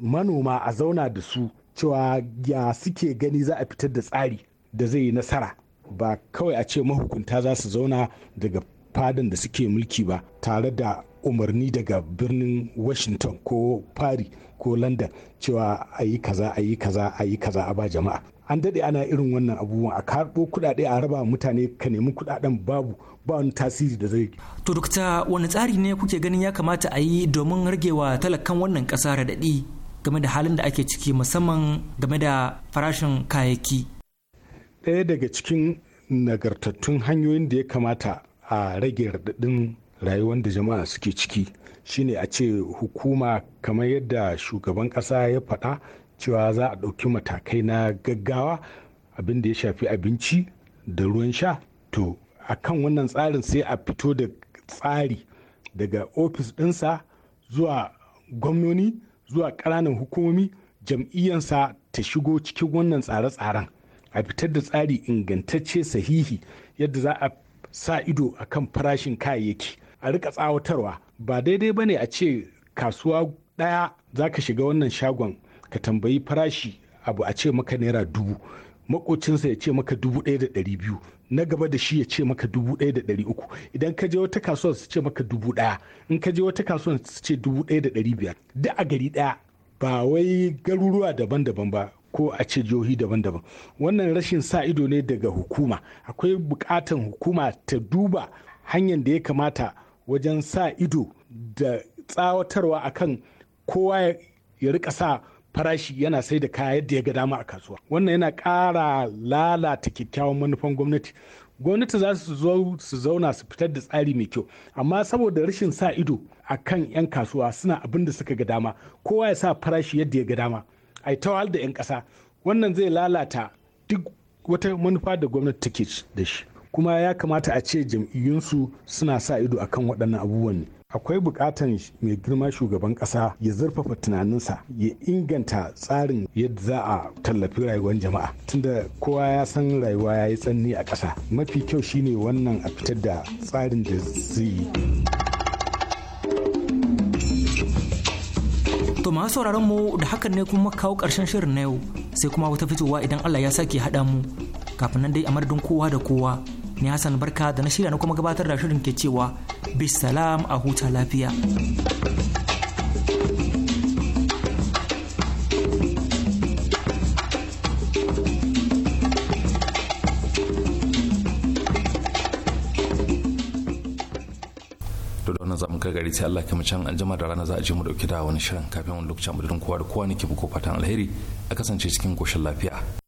manoma a zauna da su cewa ya suke gani za a fitar da tsari da zai yi nasara ba kawai a ce mahukunta za su zauna daga fadan da suke mulki ba tare da umarni daga birnin washington ko paris ko london cewa a yi kaza a yi kaza a yi kaza a ba jama'a an daɗe ana irin wannan abubuwan a karɓo kuɗaɗe a raba mutane ka nemi kuɗaɗen babu ba wani tasiri da zai to dokta wani tsari ne kuke ganin ya kamata a yi domin ragewa talakan wannan ƙasa radadi game da halin da ake ciki musamman game da farashin kayayyaki ɗaya daga cikin nagartattun hanyoyin da ya kamata a rage raɗaɗin rayuwar da jama'a suke ciki shine a ce hukuma kamar yadda shugaban ƙasa ya faɗa cewa za a ɗauki matakai na gaggawa abin da ya shafi abinci da ruwan sha to a kan wannan tsarin sai a fito da tsari daga ofis ɗinsa zuwa gwamnoni zuwa ƙananan hukumomi jam'iyyansa ta shigo cikin wannan tsare-tsaren a fitar da tsari ingantacce sahihi yadda za a sa ido a kan farashin kayayyaki a rika tsawatarwa ba daidai ba ne a ce kasuwa ɗaya za ka shiga wannan shagon ka tambayi farashi abu a ce maka naira dubu makocinsa ya ce maka dubu ɗaya da ɗari biyu na gaba da shi ya ce maka dubu ɗaya da ɗari uku idan ka je wata kasuwar su ce maka dubu ɗaya in ka je wata kasuwar su ce dubu ɗaya da ɗari biyar da a gari ɗaya ba wai garuruwa daban-daban ba ko a ce jihohi daban-daban wannan rashin sa ido ne daga hukuma akwai bukatan hukuma ta duba hanyar da ya kamata wajen sa ido da tsawatarwa akan kowa ya rika sa farashi yana sai da kaya yadda ya ga dama a kasuwa wannan yana ƙara lalata kyakkyawan manufan gwamnati gwamnati za su zo su zauna su fitar da tsari mai kyau amma saboda rashin sa ido a kan 'yan kasuwa suna abin da suka ga dama kowa ya sa farashi yadda ya ga dama a yi tawal da 'yan ƙasa wannan zai lalata duk wata manufa da gwamnati take da shi kuma ya kamata a ce jam'iyyunsu suna sa ido a kan waɗannan abubuwan ne akwai bukatan mai girma shugaban ƙasa ya zurfafa tunaninsa ya inganta tsarin yadda za a tallafi rayuwar jama'a tunda kowa ya san rayuwa ya yi tsanni a ƙasa mafi kyau shine wannan a fitar da tsarin da zai yi to masu sauraron mu da hakan ne kuma kawo ƙarshen shirin na yau sai kuma wata fitowa idan allah ya sake haɗa mu kafin nan dai a madadin kowa da kowa ni hassan barka da na shirya na kuma gabatar da shirin ke cewa bisalam a huta lafiya zamu kai gari sai Allah kuma can aljama da rana za a je mu dauki da wani shirin kafin wani lokacin mu kowa da kowa ne ke buko fatan alheri a kasance cikin koshin lafiya